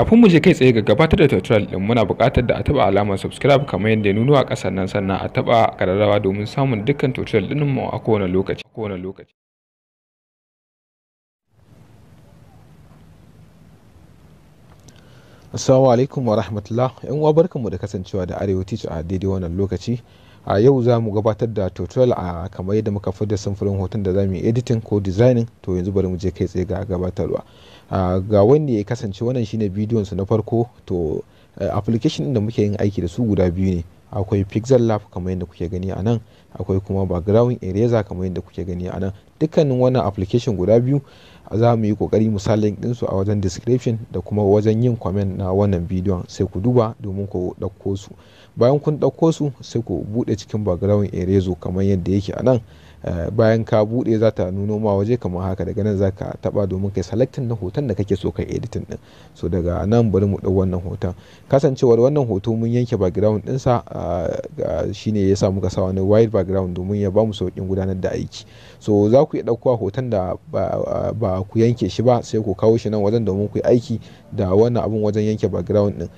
kafin mu je kai tsaye ga gabatar da tutorial din muna buƙatar da a taba alamar subscribe kamar yadda nuno a ƙasar nan sannan a taba kararrawa domin samun dukkan tutorial din mu a kowane lokaci kowane lokaci Assalamu alaikum wa rahmatullah yan uwa barkanmu da kasancewa da Arewa Teach a daidai wannan lokaci a yau za mu gabatar da tutorial a kamar yadda muka fi da samfurin hoton da za mu yi editing ko designing to yanzu bari mu je kai tsaye ga gabatarwa ga wanda ya kasance wannan shine bidiyon su na farko to eh, application din da muke yin aiki da su guda biyu ne akwai pixel lab kamar yadda kuke gani a nan akwai kuma background eraser kamar yadda kuke gani a nan dukkanin wannan application guda biyu za mu yi kokari misalin ɗinsu a wajen description da kuma wajen yin comment na wannan bidiyon sai ku duba domin ku ɗauko su bayan kun ɗauko su sai ku buɗe cikin background eraser kamar yadda yake a nan Eh, bayan ka bude za ta nuno ma waje kamar haka daga nan za ka taba domin kai selecting na hoton da kake so kai editing din so daga nan bari mu ɗau wannan hoton kasancewar wannan hoto mun yanke background din sa eh, shine ya sa muka sa wani wide background domin ya ba mu sauƙin gudanar da aiki so za ku iya ɗaukowa hoton da ba eh, ku yanke shi ba sai ku kawo shi nan wajen domin ku yi aiki da wannan abun wajen yanke background din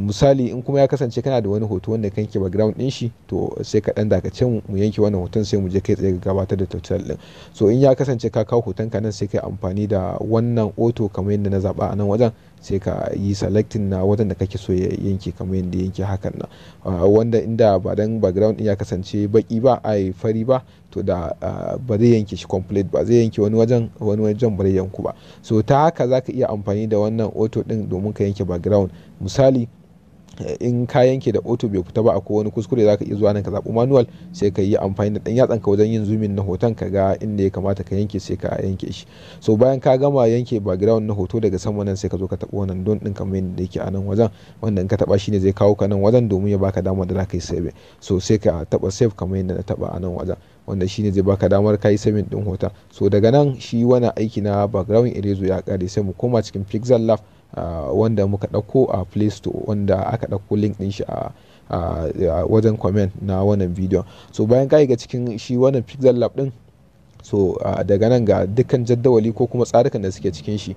misali in kuma ya kasance kana da wani hoto wanda ka yanke background din shi to sai ka ɗan dakace mu yanke wannan hoton sai mu je kai tsaye gabatar da tattalin din so in ya kasance ka kawo hoton ka nan sai kai amfani da wannan oto kamar yadda na zaba a nan wajen sai ka yi selecting na wajen da kake so ya yanke kamar yadda yanke hakan na ah, wanda inda ba dan background din ya kasance baki ba ai fari ba to da ah, ba zai yanke shi complete ba zai yanke wani wajen wani wajen ba zai yanku ba so ta haka zaka iya amfani da wannan oto din domin ka yanke background misali in ka yanke da auto bai fita ba a wani kuskure zaka iya zuwa nan ka zaɓi manual sai ka yi amfani da ɗan yatsan ka wajen yin zoomin na hoton ka ga inda ya kamata ka yanke sai ka yanke shi so bayan ka gama yanke background na hoto daga sama nan sai ka zo ka taɓa wannan don ɗin kamar yadda yake a nan wajen wanda in ka taɓa shi ne zai kawo ka nan wajen domin ya baka damar da ka yi save so sai ka taɓa save kamar yadda na taɓa a nan wajen wanda shine zai baka damar kayi saving din hoton so daga nan shi wani aiki na background erezo ya kare sai mu koma cikin pixel lab Uh, wanda muka ɗauko a play store wanda aka ɗauko link ɗin shi a wajen comment na wannan bidiyon so bayan ka ga cikin shi wannan pixel lab ɗin so daga nan ga dukkan jaddawali ko kuma tsarikan da suke cikin shi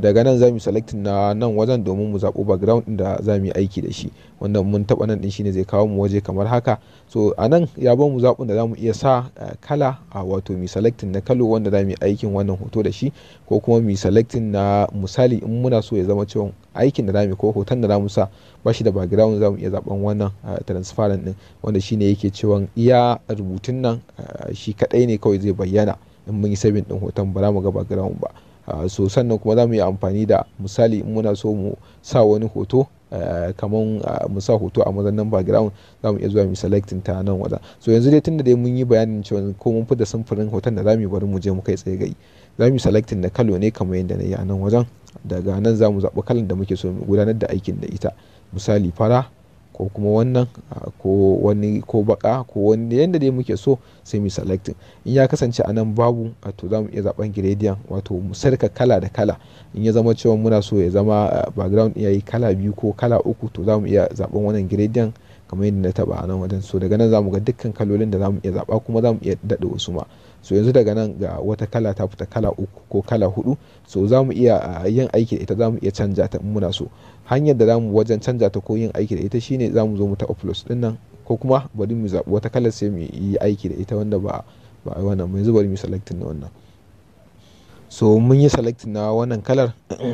daga nan zamu selecting na nan wajen domin mu zaɓo background da da zamu yi aiki da shi wanda mun taɓa nan din ne zai kawo mu waje kamar haka so a nan ya ba mu zaɓin da za mu iya sa kala a wato mu selecting na kalo wanda zamu yi aikin wannan hoto da shi ko kuma mu selecting na misali in muna so ya zama cewa aikin da zamu ko hoton da zamu sa ba shi da background zamu iya zaben wannan transparent din wanda shine yake cewa iya rubutun nan shi kadai ne kawai zai bayyana in mun yi sabin din hoton ba za mu ga background ba so sannan kuma zamu mu yi amfani da misali in muna so mu sa wani hoto kamar mu sa hoto a nan background za mu iya zuwa mu selecting ta nan wajen so yanzu dai tunda dai mun yi bayanin cewa ko mun fita samfurin hoton da za mu bari mu je mu kai tsaye gai za mu selecting da kalo ne kamar yadda na yi a nan wajen daga nan za mu zaɓi kalan da muke so mu gudanar da aikin da ita misali fara ko kuma wannan ko wani ko baka ko wani yadda dai muke so sai mu selectin in ya kasance a nan babu to za mu iya zaɓen gradiyan wato mu sarka kala da kala in ya zama cewa muna so ya zama background ya yi kala biyu ko kala uku to za mu iya zaɓen wannan gradiyan kamar yadda na taba a nan wajen so daga nan zamu ga dukkan kalolin da zamu iya zaba kuma zamu iya dade wasu ma so yanzu daga nan ga wata kala ta fita kala uku ko kala hudu so zamu iya ah, yin aiki da ita zamu iya canja ta in muna so hanyar da zamu wajen canja ta ko yin aiki da ita shine zamu zo mu taba plus din nan ko kuma bari mu zaba wata kalar sai mu yi aiki da ita wanda ba ba wannan yanzu bari mu select na wannan so mun yi select na wannan kalar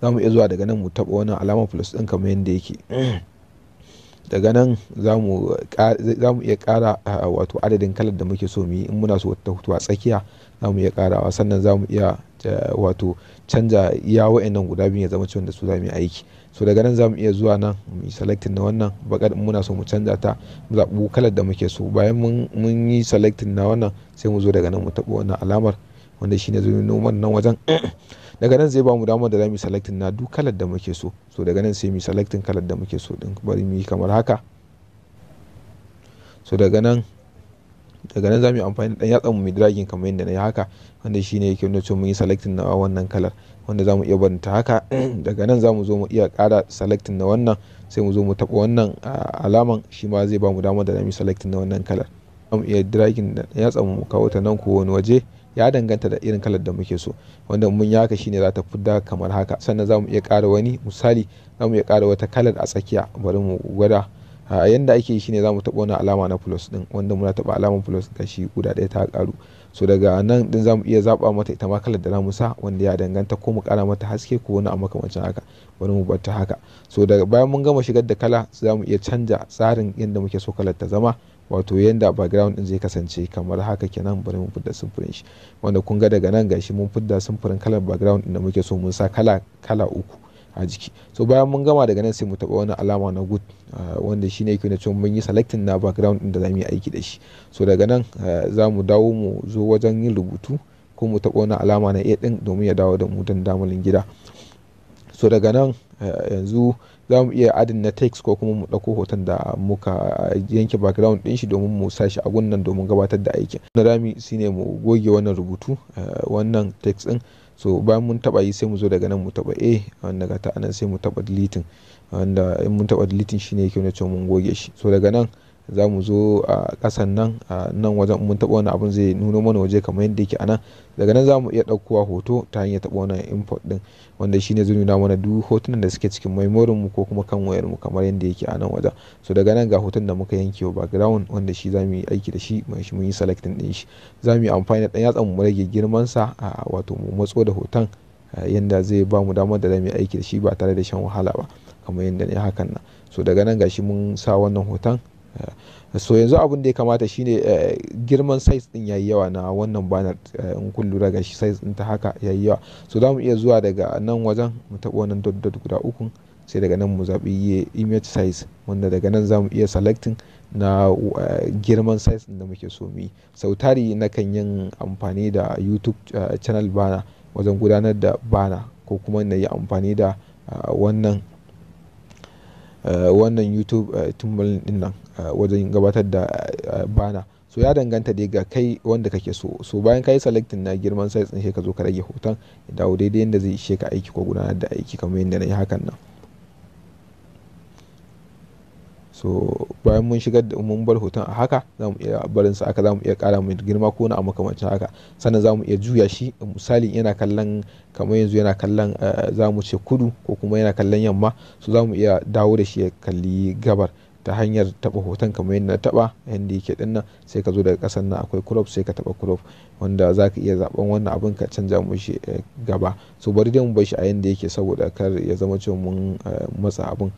zamu iya zuwa daga nan mu taba wannan alamar plus din kamar yadda yake daga nan za mu iya kara wato adadin kalar da muke so mu yi in muna so ta hutu tsakiya za mu iya ƙarawa sannan za mu iya wato canja iya wa'annan guda biyu ya zama cewa da su za mu yi aiki so daga nan za mu iya zuwa nan mu selecting na wannan bakar muna so mu canja ta mu zabu kalar da muke so bayan mun yi selecting na wannan sai mu zo daga nan mu taɓa wannan alamar wanda shine zai noman nan wajen daga nan zai ba mu damar da za mu selectin na duk kalar da muke so so daga nan sai mu selectin kalar da muke so din bari mu yi kamar haka so daga nan daga nan za mu yi amfani da yatsa mu mai dragging kamar yadda na yi haka wanda shine yake nuna cewa mun yi selectin na wannan kalar wanda za mu iya barinta haka daga nan za mu zo mu iya kara selectin na wannan sai mu zo mu taɓa wannan alaman shi ma zai ba mu damar da za mu yi na wannan kalar za mu iya dragging da yatsa mu kawo ta nan ko wani waje ya danganta da irin kalar da muke so wanda mun ya haka shine za ta fidda kamar haka sannan za mu iya ƙara wani misali za mu iya ƙara wata kalar a tsakiya bari mu gwada a yanda ake shine za mu taɓa wani alama na plus ɗin wanda muna taɓa alamar plus ga shi guda ɗaya ta ƙaru so daga nan din mu iya zaɓa mata ita ma kalar da mu sa wanda ya danganta ko mu kara mata haske ko wani a makamancin haka bari mu bata haka so daga bayan mun gama shigar da kala za mu iya canja tsarin yadda muke so kalar ta zama wato yanda background din zai kasance kamar haka kenan bari mu fidda samfurin shi wanda kun ga daga nan gashi mun fidda samfurin kalar background din da muke so mun sa kala kala uku a jiki so bayan mun gama daga nan sai mu taba wani alama na good ah, wanda shi yake na cewa mun yi selecting na background din da zamu yi aiki da shi so daga nan ah, za dawo mu zo wajen yin rubutu ko mu taba wani alama na a din domin ya dawo da mu dan damalin gida so daga nan ah, yanzu za mu iya adin na text ko kuma mu ɗauko hoton da muka yanke background ɗin shi domin mu sashi a gunnan domin gabatar da aikin na rami ne mu goge wannan rubutu eh, wannan text ɗin so bayan mun taba yi sai mu zo daga nan mu taba a wanda ga ta anan sai mu taba deleting wanda in mun taba deleting shine yake nuna cewa mun goge shi so daga nan za mu zo a kasan nan a nan wajen mun taɓa wani abun zai nuno mana waje kamar yadda yake anan daga nan za mu iya ɗaukowa hoto ta hanyar taɓa wani import ɗin wanda shi ne zai nuna mana duk hotunan da suke cikin memory mu ko kuma kan wayar mu kamar yadda yake anan nan wajen so daga nan ga hoton da muka yanke wa background wanda shi za mu yi aiki da shi mai shi mun yi selecting ɗin shi za mu yi amfani da ɗan yatsan mu rage girman sa wato mu matso da hoton yadda zai ba mu damar da za mu yi aiki da shi ba tare da shan wahala ba kamar yadda ne hakan nan so daga nan gashi mun sa wannan hoton Eh, so yanzu abin da ya kamata shine eh, girman size din yayi yawa na wannan banar eh, in kun lura ga shi size din ta haka yayi yawa so za mu iya zuwa daga nan wajen mu taɓa wannan dot dot guda uku sai daga nan mu zaɓi image size wanda daga nan za mu iya selecting na girman size din da muke so mu yi sau tari na kan yin amfani da youtube channel bana wajen gudanar da bana ko kuma na yi amfani da wannan Eh, wannan YouTube eh, tumbling ɗin nan eh, wajen gabatar da bana. So ya danganta dai ga kai wanda kake so. So bayan ka yi na girman size din sai ka zo ka rage hoton ya dawo daidai yanda zai ishe ka aiki ko gudanar da aiki kamar yadda na yi hakan nan. so bayan mun shigar da mun bar hoton a haka za mu iya barin sa aka za mu iya kara mai girma ko na a makamancin haka sannan za mu iya juya shi misali yana kallon kamar yanzu yana kallon eh, za mu ce kudu ko kuma yana kallon yamma so za mu iya dawo da shi ya kalli gabar ta hanyar taba hoton kamar yadda na taba yadda yake din nan sai ka zo daga kasan nan akwai crop sai ka taba crop wanda za ka iya zaben wannan abin ka canza shi eh, gaba so bari dai mu bar shi a yadda yake saboda kar ya zama cewa mun eh, matsa abin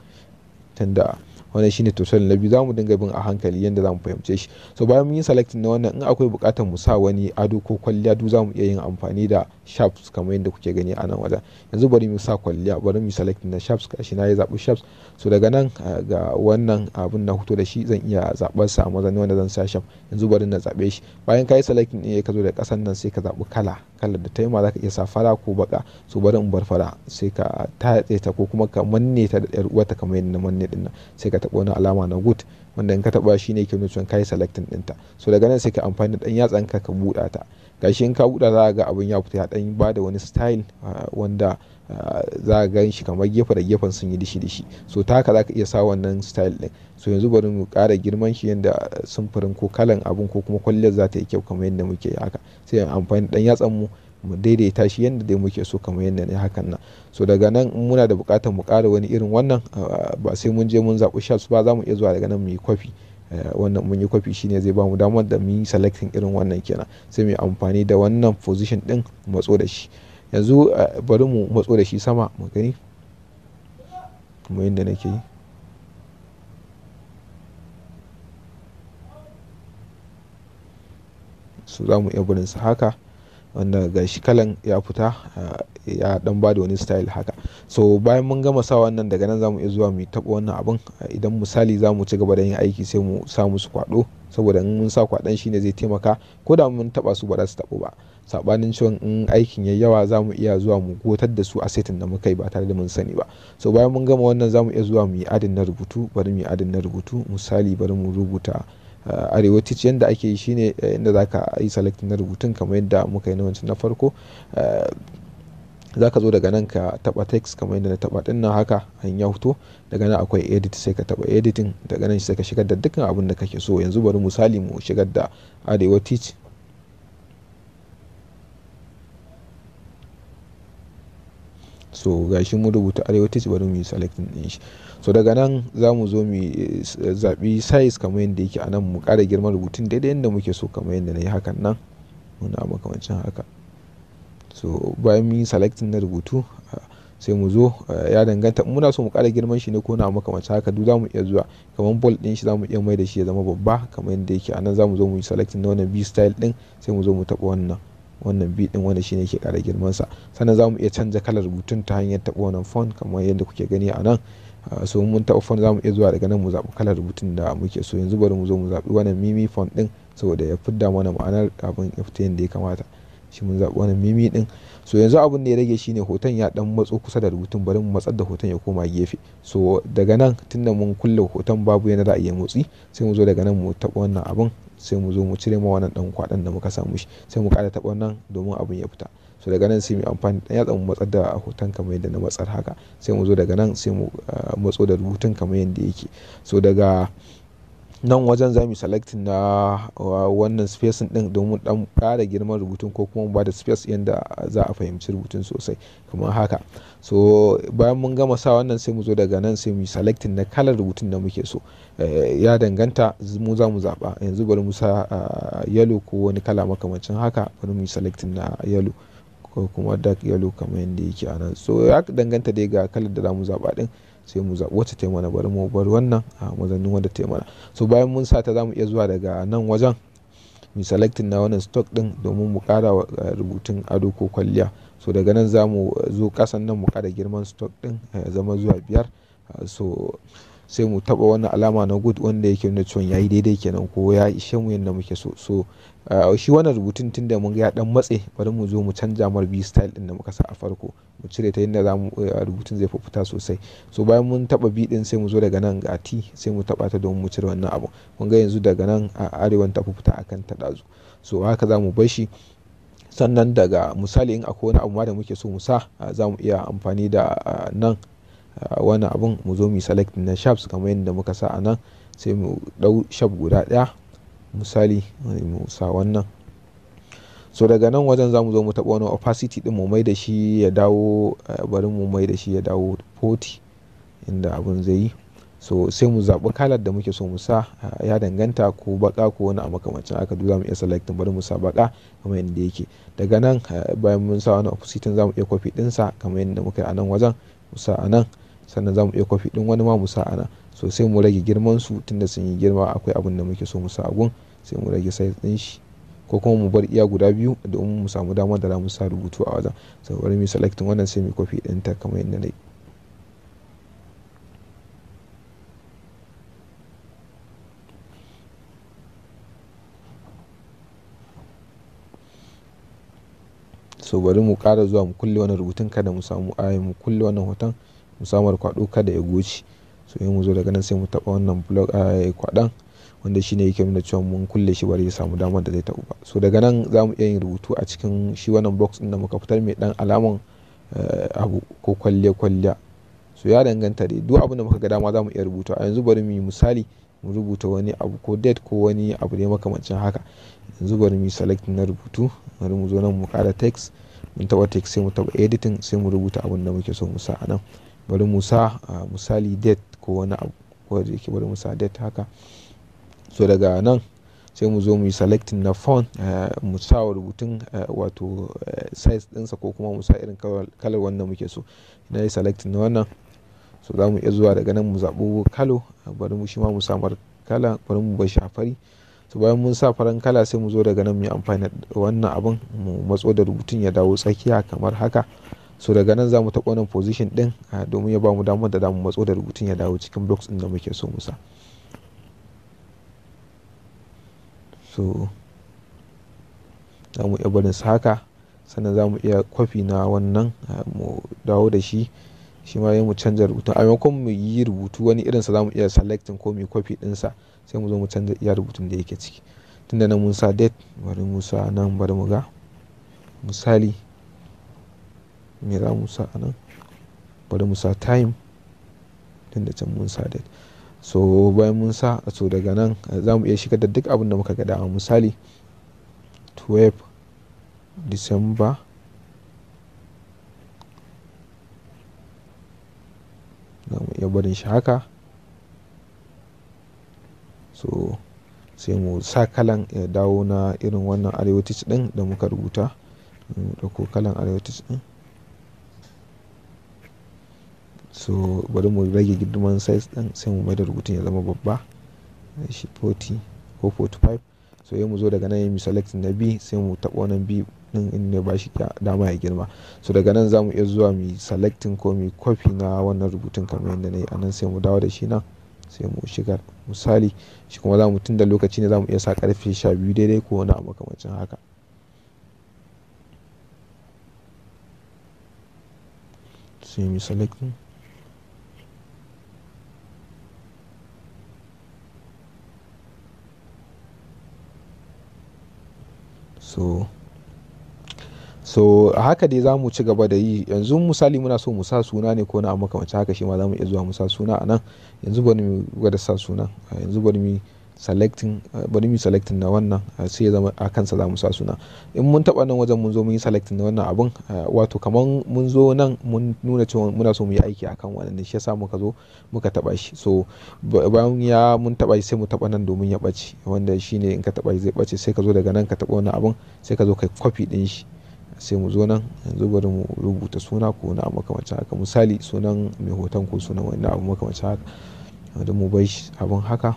tunda wannan shine tutorial na biyu zamu dinga bin a hankali yanda zamu fahimce shi so bayan mun yi selecting na wannan in akwai bukatar mu sa wani ado ko kwalliya duk zamu iya yin amfani da sharps kamar yadda kuke gani a nan wajen yanzu bari mu sa kwalliya bari mu selecting na sharps kashi na yi zaɓi sharps so daga nan ga wannan abun na hoto da shi zan iya zaɓar sa a mazani wanda zan sa sharp yanzu bari na zaɓe shi bayan ka yi selecting din ka zo da ƙasan nan sai ka zaɓi kala kalar da ta yi ma za iya sa fara ko baka so bari in bar fara sai ka tatse ta ko kuma ka manne ta da ƴar uwarta kamar yadda na manne ne sai ka taɓa wani alama na good wanda in ka taɓa shi ne ke nuna kayi kai selecting ta so daga nan sai ka amfani da ɗan yatsan ka ka buɗa ta gashi in ka buɗa za ga abin ya fita ya ɗan ba da wani style ah, wanda ah, za a gan shi kamar gefe da gefen sun yi dishi dishi so ta haka za ka iya sa wannan style din so yanzu bari mu kara girman shi yadda sumfurin ko kalan abun ko kuma kwalliyar za ta yi kyau kamar yadda muke haka sai amfani dan yatsan mu mu daidaita shi yadda dai muke so kamar yadda ne hakan nan so daga nan muna da buƙatar mu kara wani irin wannan ah, ba sai mun je mun zaɓi shots ba za mu iya zuwa daga nan mu yi kwafi eh, wannan mun yi kwafi shine zai bamu damar da mu yi selecting irin wannan kenan sai mu yi amfani da wannan position din matso da shi yanzu ah, bari mu matso da shi sama mu gani kuma yadda nake yi su za mu iya burin su haka wanda ga shi kalan ya fita eh, ya dan bada wani style haka so bayan mun gama sa wannan daga nan zamu iya zuwa mu taɓa wannan abin idan misali zamu ci gaba da yin aiki sai mu sa musu kwado saboda in mun sa kwadon shine zai taimaka ko da mun taba su ba za su tabo ba sabanin cewa in aikin ya yawa zamu mu iya zuwa mu gotar da su a setin da muka yi ba tare da mun sani ba so bayan mun gama wannan zamu iya zuwa mu yi adin na rubutu bari mu yi adin na rubutu misali bari mu rubuta arewa yadda ake yi shine eh, inda za ka yi selecting na rubutun kamar yadda muka yi na wancan na farko eh, za ka zo daga nan ka taba text kamar yadda na taba din nan haka an ya fito daga nan akwai edit sai ka taba editing daga nan sai ka shigar da dukkan abin da kake so yanzu bari misali mu shigar da arewa teach so gashi mu rubuta arewa teach bari mu yi selecting din shi so daga nan za mu zo mu eh, zaɓi size kamar yadda yake a nan mu ƙara girman rubutun daidai yadda muke so kamar yadda na yi hakan nan muna makamancin haka so bayan mun yi selecting na rubutu ah, sai mu zo ah, ya danganta muna so mu ƙara girman shi ne ko na makamancin haka duk za mu iya zuwa kamar bold ɗin shi za mu iya mai da shi ya zama babba kamar yadda yake a nan za mu zo mu yi selecting na wannan b style ɗin sai mu zo mu taɓa wannan wannan b din wanda shine ke kara girman sa sannan mu iya canza kalar rubutun ta hanyar taɓa wannan font kamar yadda kuke gani a nan Ah, so mun taɓa font za mu iya zuwa daga nan mu zaɓi kalar rubutun da muke so yanzu bari mu zo mu zaɓi wannan mimi font ɗin saboda ya fidda mana ma'anar abin ya fita yadda ya kamata shi mun zaɓi wannan mimi ɗin so yanzu abin da ya rage shine hoton ya dan matso kusa da rubutun bari mu matsar da hoton ya koma gefe so daga nan tunda mun kulle hoton babu yana za a motsi sai mu zo daga nan mu taɓa wannan abin sai mu zo mu cire ma wannan dan kwadan da muka samu shi sai mu ƙara taɓa wannan domin abin ya fita so daga nan sai mu amfani da yatsa mu matsar da hoton kamar yadda na matsar haka sai mu zo daga nan sai mu eh, matso da rubutun kamar yadda yake so daga nan wajen za mu selectin na eh, wannan spacing din domin dan fara girman rubutun ko kuma mu bada space yadda za a fahimci rubutun sosai kamar haka so bayan mun gama sa wannan sai mu zo daga nan sai mu selectin na kalar rubutun da muke so eh, ya danganta mu za mu zaɓa yanzu bari mu sa yellow ko wani kala makamancin haka bari mu selectin na yellow ko kuma dark yellow kamar yadda yake a nan so ya danganta dai ga kalar da za mu zaɓa din sai mu zaɓi wacce ta mana bari mu bar wannan a mazanin wanda ta mana so bayan mun sa ta zamu iya zuwa daga nan wajen mu selecting na wannan stock din domin mu kara eh, rubutun ado ko kwalliya so daga nan zamu zo kasan nan mu kara girman stock din ya eh, zama zuwa biyar so sai mu taba wani alama na good wanda yake nuna cewa yayi daidai kenan ko ya ishe mu yadda muke so so ah, shi wannan rubutun tun da mun ga ya dan matse bari mu zo mu canja mar bi style din da muka sa a farko mu cire ta yadda zamu eh, rubutun zai fita sosai so bayan mun taba bi din sai mu zo daga nan ga t sai mu taba ta domin mu cire wannan abu mun ga yanzu daga nan a ah, arewan ta fita akan ta dazu so haka zamu bar shi sannan daga misali in akwai wani abu ma da muke so mu sa ah, za mu iya amfani da nan wannan abun mu zo mu select na sharps kamar yadda muka sa a nan sai mu dau sharp guda daya misali mu sa wannan so daga nan wajen za mu zo mu taɓa wani opacity din mu mai da shi ya dawo eh, bari mu mai da shi ya dawo 40 inda abun zai yi so sai mu zaɓi kalar da muke so mu sa eh, ya danganta ko baka ko wani a makamancin aka duk za mu iya bari mu sa baka kamar yadda yake daga nan eh, bayan mun sa wani opacity za mu iya copy ɗinsa kamar yadda muka yi a nan wajen mu a nan sannan za mu iya kwafi din wani ma mu sa ana so sai mu rage girman su tunda sun yi girma akwai abin da muke so mu sa gun sai mu rage size din shi ko kuma mu bar iya guda biyu domin mu samu damar da za mu sa rubutu a wajen sai bari mu select wannan sai mu kwafi din ta kamar yadda na so bari mu kara zuwa mu kulle wannan rubutun kada mu samu ayi mu kulle wannan hoton musamman kwado kada ya goce so in mu zo daga nan sai mu taɓa wannan blog a ah, kwaɗon wanda shine yake nuna cewa mun kulle shi bari ya samu damar da zai taɓa ba so daga nan za mu iya yin rubutu a cikin shi wannan box ɗin da muka fitar mai ɗan alaman eh, abu ko kwalle kwalliya so ya danganta dai duk abin da muka ga dama za mu iya rubuta a yanzu bari mu misali mu rubuta wani abu ko date ko wani abu dai makamancin haka yanzu bari mu select na rubutu bari mu zo nan mu kara text mun taba text sai mu taba editing sai mu rubuta abin da muke so mu sa a nan bari musa misali det ko wani abu ko da yake bari musa det haka so daga nan sai mu zo mu yi selecting na phone eh, mu sa rubutun eh, wato eh, size dinsa ko kuma mu sa irin kalar wanda muke so na yi selecting na wannan so za mu iya zuwa daga nan mu zaɓo kalo bari mu shi ma mu samar kala bari mu bar shafari so bayan mun sa faran kala sai mu zo daga nan mu yi amfani da wannan abin mu matso da rubutun ya dawo tsakiya kamar haka so daga nan za mu taɓa wannan position din ah, domin ya ba mu damar da damu matso da rubutun ya dawo cikin blocks din da muke so musa so za mu iya barin su haka sannan za mu iya kwafi na wannan ah, mu dawo da shi shi ma mu canza rubutu a maimakon mu yi rubutu wani irinsa za mu iya selecting ko mu yi kwafi sa sai mu zo mu canza iya rubutun da yake ciki tunda nan mun sa date bari mu sa nan bari mu ga misali me za mu sa a nan bari mu sa time tun da can mun sa date so bayan mun sa so daga nan eh, za mu iya shigar da duk abin da muka ga da misali 12 december 2019 mu iya barin shi haka so sai mu sa kalan ya eh, dawo na irin wannan arewacin din da muka rubuta mu dauko kalan arewacin din so bari mu rage girman size din sai mu mai da rubutun ya zama babba shi 40 ko 45 so yi mu zo daga nan ya mu select na b sai mu taɓa wannan b din in ne ba shi dama ya girma so daga nan za mu iya zuwa mu selecting ko mu copy na wannan rubutun kamar yadda na yi a nan sai mu dawo da shi nan sai mu shigar misali shi kuma za mu tun da lokaci ne za mu iya sa karfe 12 daidai ko wani abu makamancin haka sai mu so so haka dai za mu ci gaba da yi yanzu misali muna so mu sa suna ne ko na a makamancin haka shi ma za mu iya zuwa mu sa suna a nan yanzu bari mu gwada sa suna yanzu bari mu selecting eh, bari mu selecting na wannan eh, sai ya zama a kansa za mu sa suna in mun taba nan wajen mun zo mun yi selecting na wannan abun eh, wato kamar mun zo nan mun nuna cewa muna so mu yi aiki akan wannan shi yasa muka zo muka taba shi so bayan ya mun taba shi sai mu taba nan domin ya bace wanda shine in ka taba shi zai bace sai ka zo daga nan ka taba wannan abun sai ka zo kai copy din shi sai mu zo nan yanzu bari mu rubuta suna ko na makamancin haka misali sunan mai hoton ko sunan wani abu makamacin haka da mu bai abin haka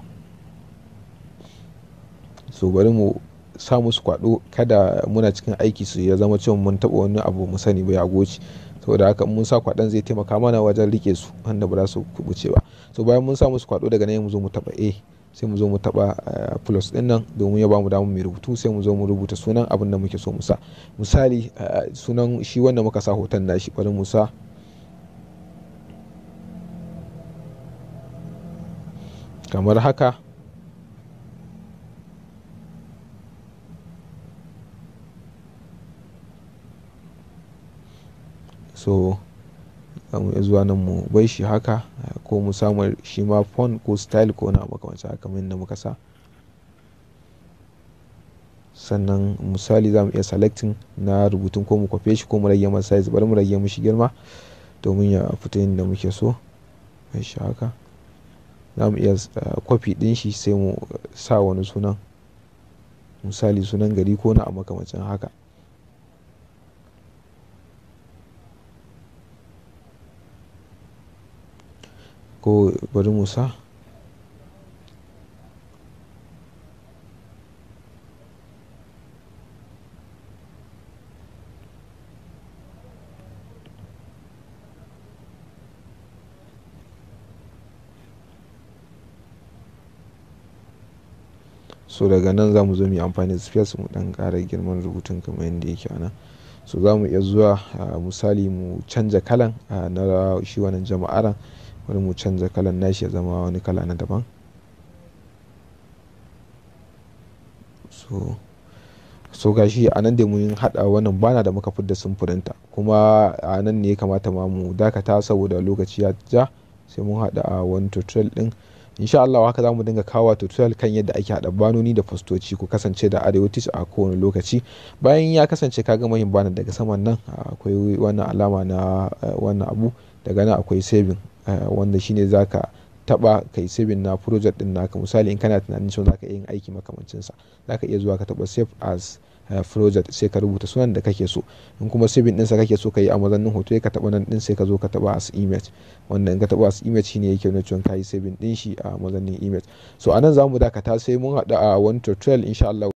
so bari mu sa musu kwado kada muna cikin aiki su ya zama cewa mun taba wani abu mu sani ba ya goci saboda haka mun sa kwadon zai taimaka mana wajen rike su wanda ba za su kubuce ba so bayan mun sa musu kwado daga nan mu zo mu taɓa a sai mu zo mu taba eh, plus din nan domin ya bamu damu mai rubutu sai mu zo mu rubuta sunan abin da muke so mu sa misali eh, sunan shi wanda muka sa hoton nashi bari mu sa kamar haka So za mu iya zuwa nan mu bai shi haka ko mu samu shi ma phone ko style ko na makamancin haka kamar yadda muka sa. Sannan misali za mu iya selecting na rubutun ko mu kwafe shi ko mu rage masa size bari mu rage mishi girma domin ya fita yadda muke so. Bai shi haka. Za mu iya kwafi eh, din shi sai mu sa wani sunan. Misali sunan gari ko na makamancin haka. ko bari mu so daga nan za mu zo mu amfani da space mu dan ƙara girman rubutun kamar yadda yake ana so za mu iya zuwa ah, misali mu canja kalan ah, na shi wannan jama'aran wani mu canza kalan nashi ya zama wani kala na daban so so gashi a nan da mun hada wannan bana da muka fidda sunfurinta kuma a nan ne ya kamata ma mu dakata saboda lokaci ya ja sai mun hada a wani tutorial din insha Allah haka za mu dinga kawo tutorial kan yadda ake hada banoni da fastoci ku kasance da arewatis a kowane lokaci bayan ya kasance ka gama yin bana daga saman nan akwai wannan alama na eh, wannan abu daga nan akwai saving Eh, wanda shine za ka taɓa kai saving na project ɗin naka misali in kana tunanin cewa zaka yin aiki makamancinsa zaka iya zuwa ka taba save as eh, project sai ka rubuta sunan da kake so in kuma saving sa kake so ka yi a mazannin hoto ka taba nan din sai ka zo ka taba as image wanda in ka taba as image shine yake nuna cewa ka yi saving ɗin shi a mazannin image so anan zamu dakata sai mun haɗu a one tutorial insha Allah